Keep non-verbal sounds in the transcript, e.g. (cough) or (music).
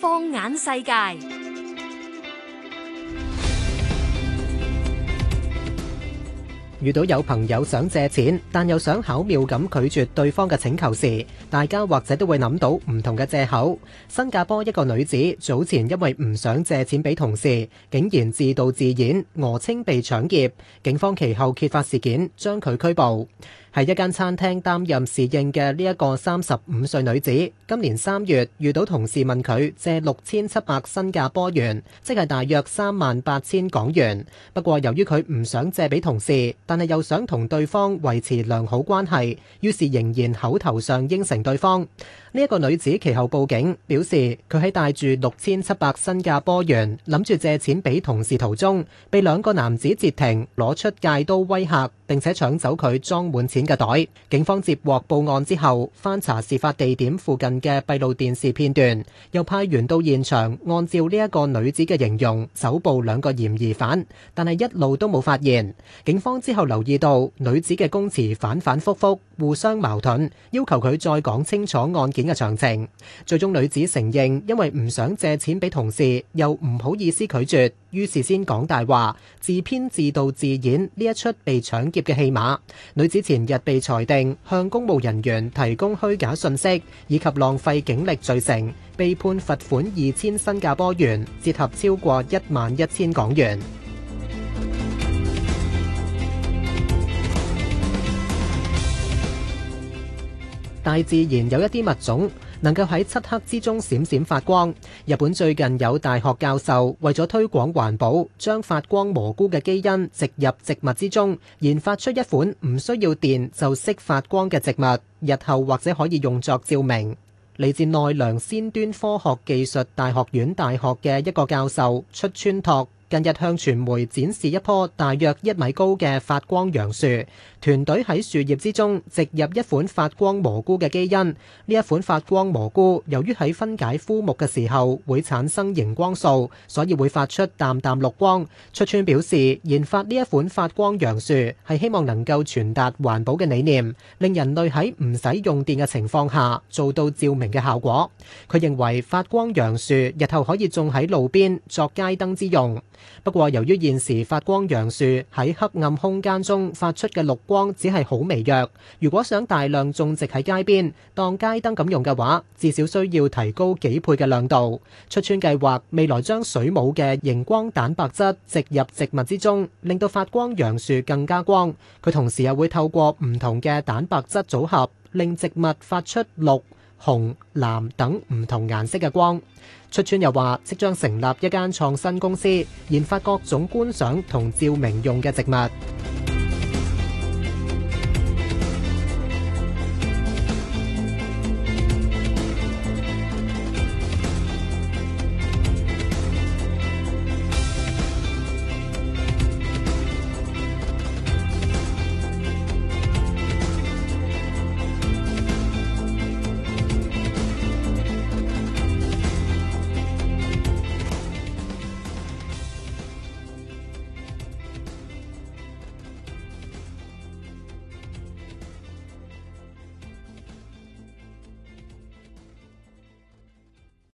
放眼世界，遇到有朋友想借錢，但又想巧妙咁拒絕對方嘅請求時，大家或者都會諗到唔同嘅借口。新加坡一個女子早前因為唔想借錢俾同事，竟然自導自演，訛稱被搶劫，警方其後揭發事件，將佢拘捕。係一間餐廳擔任侍應嘅呢一個三十五歲女子，今年三月遇到同事問佢借六千七百新加坡元，即係大約三萬八千港元。不過由於佢唔想借俾同事，但係又想同對方維持良好關係，於是仍然口頭上應承對方。呢一個女子其後報警，表示佢喺帶住六千七百新加坡元，諗住借錢俾同事途中，被兩個男子截停，攞出界刀威嚇。並且搶走佢裝滿錢嘅袋。警方接獲報案之後，翻查事發地點附近嘅閉路電視片段，又派員到現場，按照呢一個女子嘅形容搜捕兩個嫌疑犯，但係一路都冇發現。警方之後留意到女子嘅供詞反反覆覆，互相矛盾，要求佢再講清楚案件嘅詳情。最終女子承認，因為唔想借錢俾同事，又唔好意思拒絕，於是先講大話，自編自導自演呢一出被搶劫嘅戲碼，女子前日被裁定向公務人員提供虛假信息以及浪費警力罪成，被判罰款二千新加坡元，折合超過一萬一千港元。 (music) 大自然有一啲物種。能夠喺漆黑之中閃閃發光。日本最近有大學教授為咗推廣環保，將發光蘑菇嘅基因植入植物之中，研發出一款唔需要電就識發光嘅植物。日後或者可以用作照明。嚟自奈良先端科學技術大學院大學嘅一個教授出村拓。近日向傳媒展示一棵大約一米高嘅發光楊樹，團隊喺樹葉之中植入一款發光蘑菇嘅基因。呢一款發光蘑菇由於喺分解枯木嘅時候會產生熒光素，所以會發出淡淡綠光。出川表示，研發呢一款發光楊樹係希望能夠傳達環保嘅理念，令人類喺唔使用電嘅情況下做到照明嘅效果。佢認為發光楊樹日後可以種喺路邊，作街燈之用。不過，由於現時發光楊樹喺黑暗空間中發出嘅綠光只係好微弱，如果想大量種植喺街邊當街燈咁用嘅話，至少需要提高幾倍嘅亮度。出村計劃未來將水母嘅熒光蛋白質植入植物之中，令到發光楊樹更加光。佢同時又會透過唔同嘅蛋白質組合，令植物發出綠、紅、藍等唔同顏色嘅光。出川又話，即將成立一間創新公司，研發各種觀賞同照明用嘅植物。